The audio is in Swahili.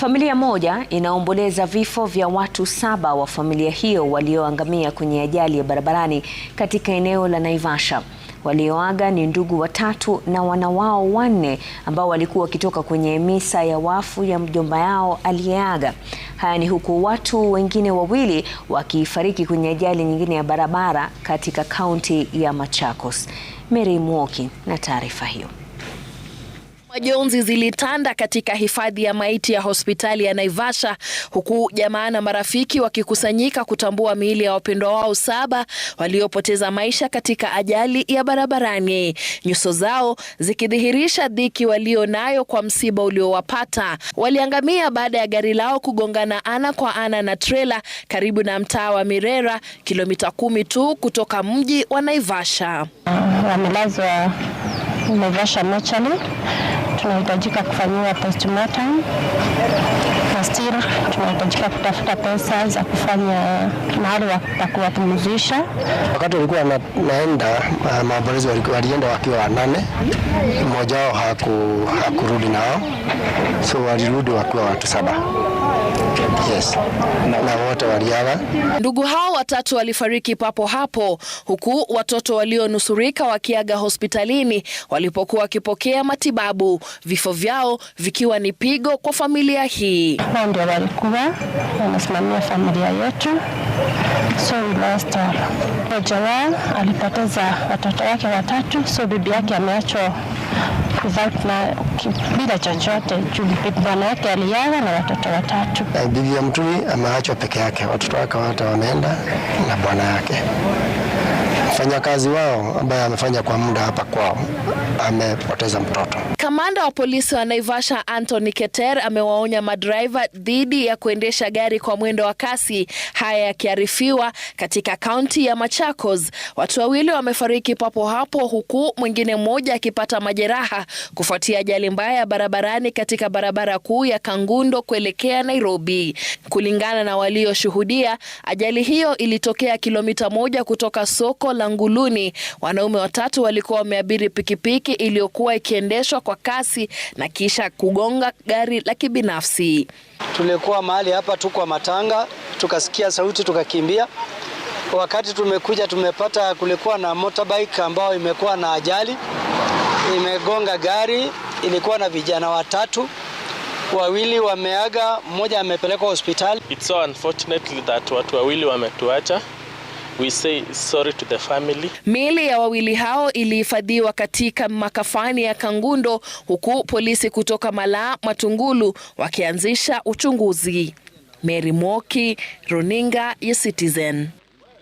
Familia moja inaomboleza vifo vya watu saba wa familia hiyo walioangamia kwenye ajali ya barabarani katika eneo la Naivasha. Walioaga ni ndugu watatu na wana wao wanne ambao walikuwa wakitoka kwenye misa ya wafu ya mjomba yao aliyeaga. Haya ni huku watu wengine wawili wakifariki kwenye ajali nyingine ya barabara katika kaunti ya Machakos. Mary Mwoki na taarifa hiyo. Majonzi zilitanda katika hifadhi ya maiti ya hospitali ya Naivasha huku jamaa na marafiki wakikusanyika kutambua miili ya wapendwa wao saba waliopoteza maisha katika ajali ya barabarani, nyuso zao zikidhihirisha dhiki walionayo kwa msiba uliowapata. Waliangamia baada ya gari lao kugongana ana kwa ana na trela karibu na mtaa wa Mirera, kilomita kumi tu kutoka mji wa Naivasha. Wamelazwa Naivasha mochali tunahitajika kufanyiwa postmortem na still tunahitajika kutafuta pesa za kufanya mahali pa kuwapumzisha. Wakati walikuwa na, naenda uh, walienda wakiwa wanane, mmoja wao haku, hakurudi nao, so walirudi wakiwa watu saba. Yes. Na wote waliaga. Ndugu hao watatu walifariki papo hapo huku watoto walionusurika wakiaga hospitalini walipokuwa wakipokea matibabu vifo vyao vikiwa ni pigo kwa familia hii. Wao ndio walikuwa wanasimamia familia yetu, so we lost wao alipoteza watoto wake watatu, so bibi yake ameachwa bila chochote juu bwana yake aliaga na watoto watatu. Eh, bibi ya Mtui ameachwa peke yake, watoto wake wote wameenda na bwana yake. Mfanyakazi wao ambaye amefanya kwa muda hapa kwao amepoteza mtoto. Kamanda wa polisi wa Naivasha Anthony Keter amewaonya madriver dhidi ya kuendesha gari kwa mwendo wa kasi. Haya yakiarifiwa katika kaunti ya Machakos, watu wawili wamefariki papo hapo, huku mwingine mmoja akipata majeraha kufuatia ajali mbaya barabarani katika barabara kuu ya Kangundo kuelekea Nairobi. Kulingana na walioshuhudia, ajali hiyo ilitokea kilomita moja kutoka soko la Nguluni. Wanaume watatu walikuwa wameabiri pikipiki iliyokuwa ikiendeshwa kwa kasi na kisha kugonga gari la kibinafsi. Tulikuwa mahali hapa tu kwa matanga, tukasikia sauti tukakimbia. Wakati tumekuja tumepata kulikuwa na motorbike ambayo imekuwa na ajali, imegonga gari. Ilikuwa na vijana watatu, wawili wameaga, mmoja amepelekwa hospitali. It's so unfortunately that watu wawili wametuacha We say sorry to the family. Miili ya wawili hao ilihifadhiwa katika makafani ya Kangundo huku polisi kutoka Malaa Matungulu wakianzisha uchunguzi. Mary moki Runinga ya Citizen.